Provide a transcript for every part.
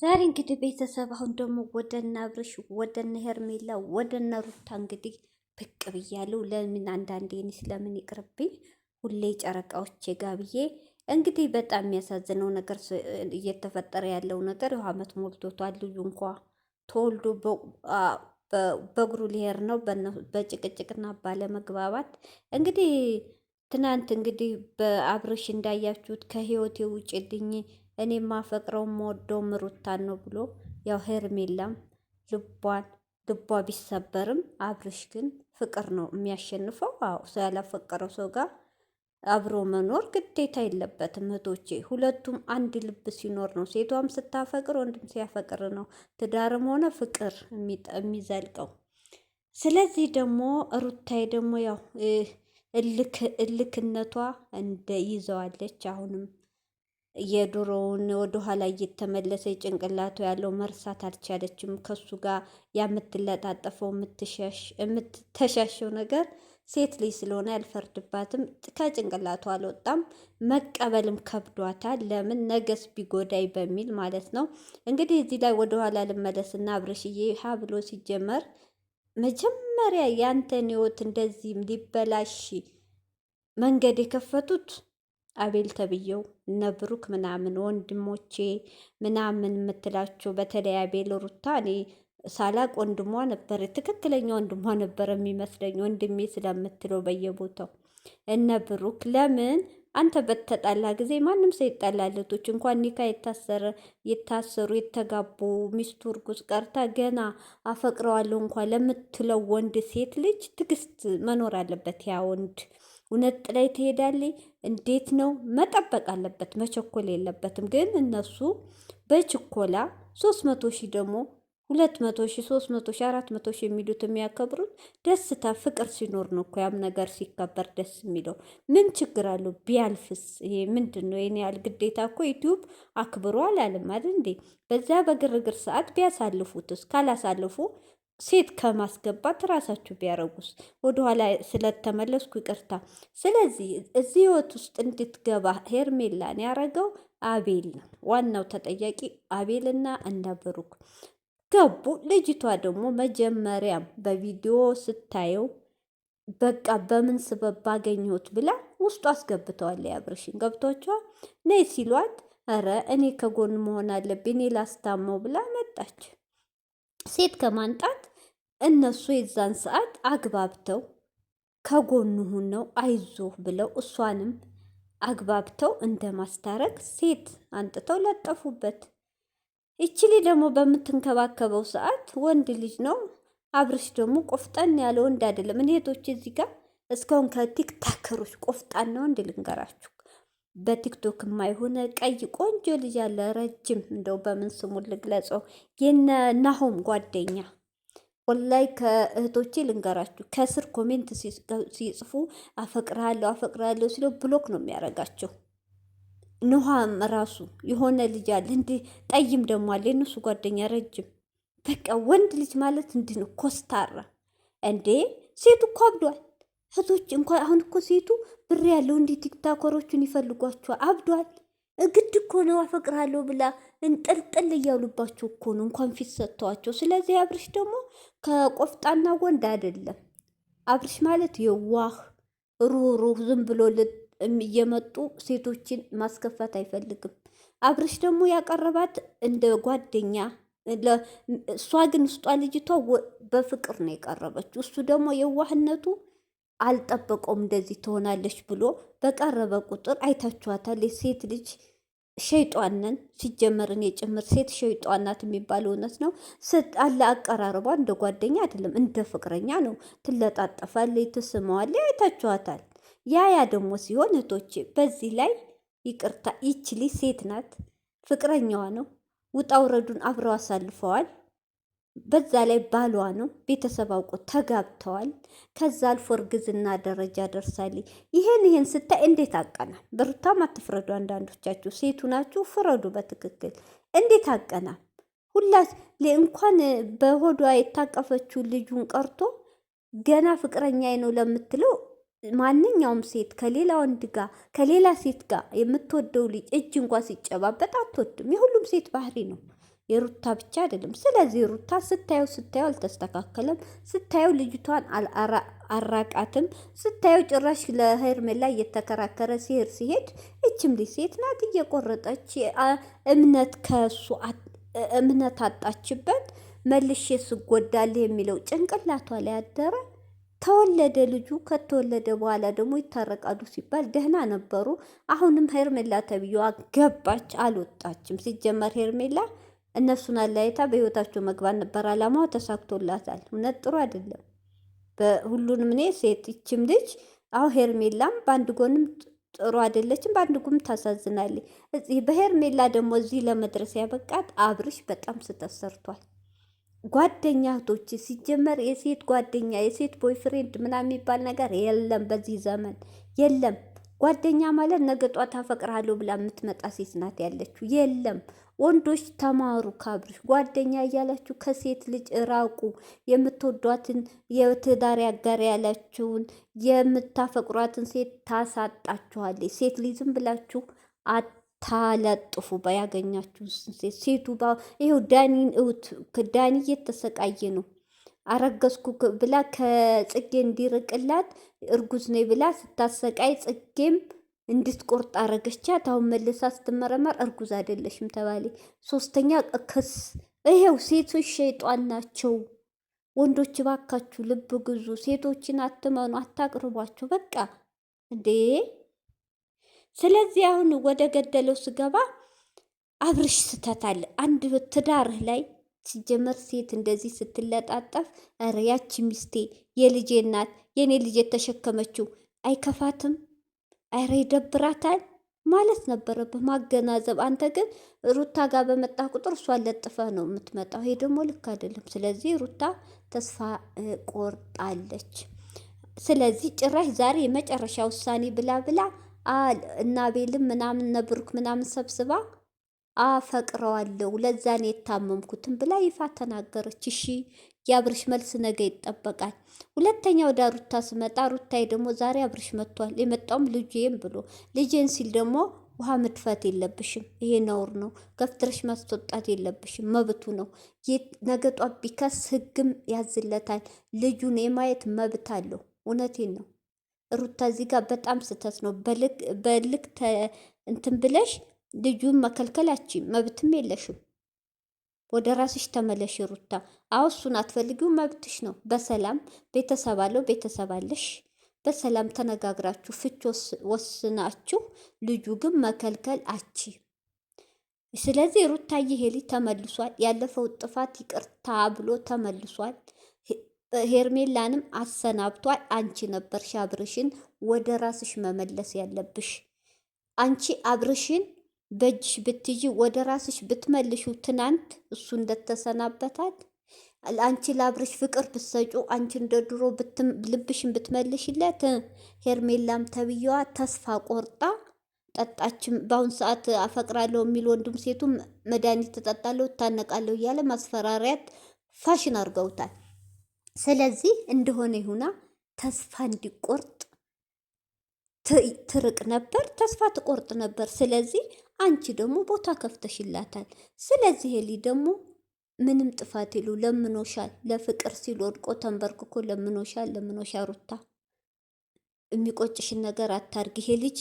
ዛሬ እንግዲህ ቤተሰብ አሁን ደግሞ ወደነ አብርሽ ወደነ ሄርሜላ ወደነ ሩታ እንግዲህ ብቅ ብያለሁ። ለምን አንዳንዴ እኔ ስለምን ይቅርብኝ ሁሌ ጨረቃዎች ጋብዬ እንግዲህ በጣም የሚያሳዝነው ነገር እየተፈጠረ ያለው ነገር ይኸው ዓመት ሞልቶቷል። ልዩ እንኳ ተወልዶ በእግሩ ሊሄድ ነው በጭቅጭቅና ባለመግባባት እንግዲህ ትናንት እንግዲህ በአብርሽ እንዳያችሁት ከህይወቴ ውጭልኝ እኔ ማፈቅረው ሞዶ ምሩታን ነው ብሎ ያው ሄርሜላም ልቧን ልቧ ቢሰበርም አብርሽ ግን ፍቅር ነው የሚያሸንፈው። አዎ ሰው ያላፈቀረው ሰው ጋር አብሮ መኖር ግዴታ የለበትም። እህቶቼ ሁለቱም አንድ ልብ ሲኖር ነው ሴቷም ስታፈቅር ወንድም ሲያፈቅር ነው ትዳርም ሆነ ፍቅር የሚዘልቀው። ስለዚህ ደግሞ ሩታዬ ደግሞ ያው እልክነቷ እንደ ይዘዋለች አሁንም የድሮውን ወደኋላ እየተመለሰ ጭንቅላቱ ያለው መርሳት አልቻለችም። ከሱ ጋር የምትለጣጠፈው የምትተሻሸው ነገር ሴት ልጅ ስለሆነ አልፈርድባትም። ከጭንቅላቱ አልወጣም። መቀበልም ከብዷታል። ለምን ነገስ ቢጎዳይ በሚል ማለት ነው። እንግዲህ እዚህ ላይ ወደኋላ ልመለስና አብርሽዬ ሀ ብሎ ሲጀመር መጀመሪያ ያንተን ህይወት እንደዚህም ሊበላሽ መንገድ የከፈቱት አቤል ተብዬው እነ ብሩክ ምናምን ወንድሞቼ ምናምን የምትላቸው በተለይ አቤል ሩታ እኔ ሳላቅ ወንድሟ ነበር፣ ትክክለኛ ወንድሟ ነበር የሚመስለኝ ወንድሜ ስለምትለው በየቦታው እነ ብሩክ ለምን አንተ በተጣላ ጊዜ ማንም ሰው ይጣላለቶች እንኳን ኒካ የታሰረ የታሰሩ የተጋቡ ሚስቱ እርጉዝ ቀርታ ገና አፈቅረዋለሁ እንኳን ለምትለው ወንድ ሴት ልጅ ትግስት መኖር አለበት ያ ወንድ እውነት ጥላይ ትሄዳለች? እንዴት ነው መጠበቅ አለበት፣ መቸኮል የለበትም። ግን እነሱ በችኮላ ሶስት መቶ ሺህ ደግሞ ሁለት መቶ ሺ ሶስት መቶ ሺ አራት መቶ ሺ የሚሉት የሚያከብሩት ደስታ ፍቅር ሲኖር ነው እኮ ያም ነገር ሲከበር ደስ የሚለው። ምን ችግር አለው ቢያልፍስ? ይሄ ምንድን ነው? ይሄን ያህል ግዴታ እኮ ዩቲዩብ አክብሮ አላለም አይደል እንዴ? በዛ በግርግር ሰዓት ቢያሳልፉትስ? ካላሳልፉ ሴት ከማስገባት ራሳችሁ ቢያረጉስ? ወደኋላ ስለተመለስኩ ይቅርታ። ስለዚህ እዚህ ህይወት ውስጥ እንድትገባ ሄርሜላን ያረገው አቤል ነው። ዋናው ተጠያቂ አቤልና እነ ብሩክ ገቡ። ልጅቷ ደግሞ መጀመሪያም በቪዲዮ ስታየው በቃ በምን ስበብ ባገኘሁት ብላ ውስጡ አስገብተዋል። ያብርሽን ገብቷቸዋል። ነይ ሲሏት ኧረ እኔ ከጎን መሆን አለብኝ እኔ ላስታመው ብላ መጣች። ሴት ከማንጣት እነሱ የዛን ሰዓት አግባብተው ከጎኑ ሆነው አይዞህ ብለው እሷንም አግባብተው እንደ ማስታረቅ ሴት አንጥተው ለጠፉበት። ይችሊ ደግሞ በምትንከባከበው ሰዓት ወንድ ልጅ ነው። አብርሽ ደግሞ ቆፍጠን ያለ ወንድ አይደለም። እህቶች እዚህ ጋር እስካሁን ከቲክታከሮች ቆፍጣን ነው ወንድ ልንገራችሁ። በቲክቶክ የማይሆነ ቀይ ቆንጆ ልጅ ያለ ረጅም፣ እንደው በምን ስሙ ልግለጸው፣ የነ ናሆም ጓደኛ ኦንላይን ከእህቶቼ ልንገራችሁ፣ ከስር ኮሜንት ሲጽፉ አፈቅራለሁ አፈቅራለሁ ሲለው ብሎክ ነው የሚያደርጋቸው። ንሃም ራሱ የሆነ ልጅ አለ እንዲህ ጠይም ደግሞ አለ የእነሱ ጓደኛ ረጅም። በቃ ወንድ ልጅ ማለት እንዲህ ነው፣ ኮስታራ እንዴ። ሴቱ እኮ አብዷል። እህቶች እንኳን አሁን እኮ ሴቱ ብር ያለው እንዲህ ቲክታኮሮቹን ይፈልጓቸዋል። አብዷል። ግድ እኮ ነው አፈቅራለሁ ብላ እንጥልጥል እያሉባቸው እኮ ነው እንኳን ፊት ሰጥተዋቸው። ስለዚህ አብርሽ ደግሞ ከቆፍጣና ወንድ አይደለም። አብርሽ ማለት የዋህ ሩህሩህ፣ ዝም ብሎ እየመጡ ሴቶችን ማስከፋት አይፈልግም። አብርሽ ደግሞ ያቀረባት እንደ ጓደኛ እሷ ግን ውስጧ ልጅቷ በፍቅር ነው የቀረበችው። እሱ ደግሞ የዋህነቱ አልጠበቀውም እንደዚህ ትሆናለች ብሎ በቀረበ ቁጥር አይታችኋታል። ሴት ልጅ ሸይጧንን ሲጀመርን የጭምር ሴት ሸይጧናት የሚባል እውነት ነው። አለ አቀራረቧ እንደ ጓደኛ አይደለም፣ እንደ ፍቅረኛ ነው። ትለጣጠፋለች፣ ትስመዋለች። አይታችኋታል። ያ ያ ደግሞ ሲሆን እህቶቼ በዚህ ላይ ይቅርታ ይችሊ ሴት ናት፣ ፍቅረኛዋ ነው። ውጣውረዱን አብረው አሳልፈዋል። በዛ ላይ ባሏ ነው። ቤተሰብ አውቆ ተጋብተዋል። ከዛ አልፎ እርግዝና ደረጃ ደርሳል። ይሄን ይሄን ስታይ እንዴት አቀና በሩታም አትፍረዱ። አንዳንዶቻችሁ ሴቱ ናችሁ፣ ፍረዱ በትክክል እንዴት አቀና ሁላ እንኳን በሆዷ የታቀፈችው ልጁን ቀርቶ ገና ፍቅረኛ ነው ለምትለው ማንኛውም ሴት ከሌላ ወንድ ጋር ከሌላ ሴት ጋር የምትወደው ልጅ እጅ እንኳ ሲጨባበጥ አትወድም። የሁሉም ሴት ባህሪ ነው። የሩታ ብቻ አይደለም። ስለዚህ ሩታ ስታየው ስታየው አልተስተካከለም፣ ስታየው ልጅቷን አራቃትም፣ ስታየው ጭራሽ ለሄርሜላ እየተከራከረ ሲሄድ ሲሄድ እችም ልጅ ሴት ናት እየቆረጠች እምነት ከሱ እምነት አጣችበት። መልሼ ስጎዳልህ የሚለው ጭንቅላቷ ላይ አደረ። ተወለደ ልጁ። ከተወለደ በኋላ ደግሞ ይታረቃሉ ሲባል ደህና ነበሩ። አሁንም ሄርሜላ ተብዬዋ ገባች፣ አልወጣችም። ሲጀመር ሄርሜላ እነሱን አለያይታ በህይወታቸው መግባት ነበር አላማዋ፣ ተሳክቶላታል። እውነት ጥሩ አይደለም። በሁሉንም እኔ ሴት ይችም ልጅ አሁን ሄርሜላም በአንድ ጎንም ጥሩ አይደለችም፣ በአንድ ጎንም ታሳዝናለች። እዚህ በሄርሜላ ደግሞ እዚህ ለመድረስ ያበቃት አብርሽ በጣም ስህተት ሰርቷል። ጓደኛ እህቶች ሲጀመር የሴት ጓደኛ የሴት ቦይፍሬንድ ምናምን የሚባል ነገር የለም፣ በዚህ ዘመን የለም። ጓደኛ ማለት ነገ ጧት አፈቅርሃለሁ ብላ የምትመጣ ሴት ናት ያለችው የለም። ወንዶች ተማሩ ካብርሽ ጓደኛ እያላችሁ ከሴት ልጅ ራቁ። የምትወዷትን የትዳር አጋር ያላችሁን የምታፈቅሯትን ሴት ታሳጣችኋለች። ሴት ልጅ ዝም ብላችሁ አታለጥፉ። ባያገኛችሁ ሴት ሴቱ ይኸው ዳኒን እውት ዳኒ እየተሰቃየ ነው። አረገዝኩ ብላ ከጽጌ እንዲርቅላት እርጉዝ ነኝ ብላ ስታሰቃይ ጽጌም እንድትቆርጥ አረገቻት። አሁን መለሳ ስትመረመር እርጉዝ አይደለሽም ተባለ። ሶስተኛ ክስ። ይሄው ሴቶች ሸይጧን ናቸው። ወንዶች ባካችሁ ልብ ግዙ። ሴቶችን አትመኑ፣ አታቅርቧቸው። በቃ እንዴ! ስለዚህ አሁን ወደ ገደለው ስገባ አብርሽ ስተት አለ። አንድ ትዳርህ ላይ ሲጀመር ሴት እንደዚህ ስትለጣጠፍ፣ ኧረ ያቺ ሚስቴ የልጄ እናት የእኔ ልጅ የተሸከመችው አይከፋትም? አይረ ይደብራታል ማለት ነበረብህ ማገናዘብ። አንተ ግን ሩታ ጋር በመጣ ቁጥር እሷን ለጥፈህ ነው የምትመጣው። ይሄ ደግሞ ልክ አይደለም። ስለዚህ ሩታ ተስፋ ቆርጣለች። ስለዚህ ጭራሽ ዛሬ የመጨረሻ ውሳኔ ብላ ብላ እና ቤልም ምናምን ነብሩክ ምናምን ሰብስባ አፈቅረዋለሁ ለዛኔ የታመምኩትም ብላ ይፋ ተናገረች። እሺ የአብርሽ መልስ ነገ ይጠበቃል። ሁለተኛ ወደ ሩታ ስመጣ ሩታዬ ደግሞ ዛሬ አብርሽ መጥቷል። የመጣውም ልጄን ብሎ ልጄን ሲል ደግሞ ውሃ መድፋት የለብሽም ይሄ ነውር ነው። ገፍትረሽ ማስወጣት የለብሽም መብቱ ነው። ነገ ጧት ቢከስ ህግም ያዝለታል። ልጁን የማየት መብት አለው። እውነቴን ነው ሩታ፣ እዚህ ጋር በጣም ስህተት ነው። በልክ እንትን ብለሽ ልጁን መከልከላችን መብትም የለሽም። ወደ ራስሽ ተመለሽ ሩታ። አዎ እሱን አትፈልጊው፣ መብትሽ ነው። በሰላም ቤተሰብ አለው ቤተሰብ አለሽ። በሰላም ተነጋግራችሁ ፍች ወስናችሁ፣ ልጁ ግን መከልከል አቺ። ስለዚህ ሩታ ይሄሊ ተመልሷል። ያለፈው ጥፋት ይቅርታ ብሎ ተመልሷል። ሄርሜላንም አሰናብቷል። አንቺ ነበርሽ አብርሽን ወደ ራስሽ መመለስ ያለብሽ አንቺ አብርሽን በእጅሽ ብትይ ወደ ራስሽ ብትመልሹ ትናንት እሱ እንደተሰናበታት አንቺ ላብርሽ ፍቅር ብትሰጩ አንቺ እንደ ድሮ ልብሽን ብትመልሽለት ሄርሜላም ተብዬዋ ተስፋ ቆርጣ ጠጣችም። በአሁን ሰዓት አፈቅራለሁ የሚል ወንዱም ሴቱም መድኃኒት ትጠጣለሁ እታነቃለሁ እያለ ማስፈራሪያት ፋሽን አድርገውታል። ስለዚህ እንደሆነ ይሁና ተስፋ እንዲቆርጥ ትርቅ ነበር፣ ተስፋ ትቆርጥ ነበር። ስለዚህ አንቺ ደግሞ ቦታ ከፍተሽላታል። ስለዚህ ሄሊ ደግሞ ምንም ጥፋት የሉ ለምኖሻል። ለፍቅር ሲል ወድቆ ተንበርክኮ ለምኖሻል። ለምኖሻ ሩታ የሚቆጭሽን ነገር አታርጊ። ይሄ ልጅ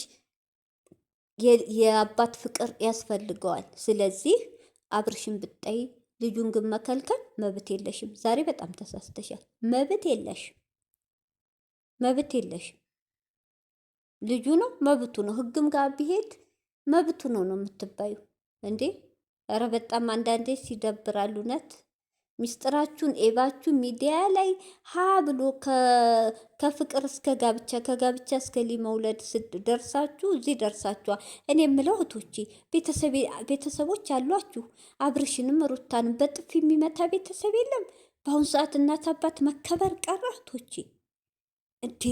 የአባት ፍቅር ያስፈልገዋል። ስለዚህ አብርሽን ብጠይ ልጁን ግን መከልከል መብት የለሽም። ዛሬ በጣም ተሳስተሻል። መብት የለሽም፣ መብት የለሽም። ልጁ ነው መብቱ ነው። ህግም ጋር ቢሄድ መብቱ ነው ነው የምትባዩ እንዴ? ኧረ በጣም አንዳንዴ ሲደብራል እውነት። ሚስጥራችሁን ኤባችሁ ሚዲያ ላይ ሀ ብሎ ከፍቅር እስከ ጋብቻ ከጋብቻ እስከ ሊመውለድ ደርሳችሁ እዚህ ደርሳችኋ። እኔ የምለው እህቶቼ ቤተሰቦች አሏችሁ። አብርሽንም ሩታንም በጥፍ የሚመታ ቤተሰብ የለም በአሁኑ ሰዓት። እናት አባት መከበር ቀረ እህቶቼ። እንዴ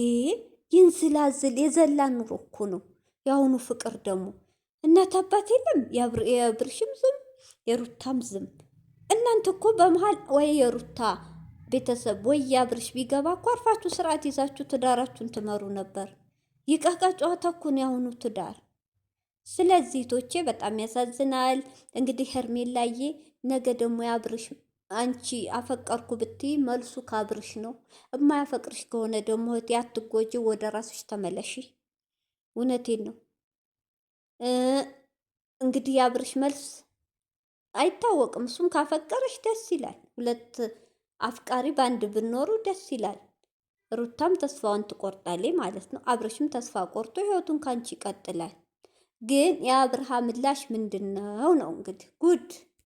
ይንዝላዝል የዘላ ኑሮ እኮ ነው የአሁኑ ፍቅር ደግሞ እናት አባት የለም። የብርሽም ዝም የሩታም ዝም። እናንተ እኮ በመሀል ወይ የሩታ ቤተሰብ ወይ ያብርሽ ቢገባ እኮ አርፋችሁ ስርዓት ይዛችሁ ትዳራችሁን ትመሩ ነበር። ይቀቃ ጨዋታ እኮ ነው ያሁኑ ትዳር። ስለዚህ ቶቼ በጣም ያሳዝናል። እንግዲህ ሄርሜላዬ ነገ ደግሞ ያብርሽ አንቺ አፈቀርኩ ብትይ መልሱ ካብርሽ ነው። እማያፈቅርሽ ከሆነ ደግሞ እህቴ አትጎጂ፣ ወደ ራስሽ ተመለሺ። እውነቴን ነው። እንግዲህ የአብርሽ መልስ አይታወቅም። እሱም ካፈቀረች ደስ ይላል። ሁለት አፍቃሪ በአንድ ብኖሩ ደስ ይላል። ሩታም ተስፋዋን ትቆርጣለች ማለት ነው። አብርሽም ተስፋ ቆርጦ ህይወቱን ካንቺ ይቀጥላል። ግን የአብርሃ ምላሽ ምንድን ነው ነው እንግዲህ ጉድ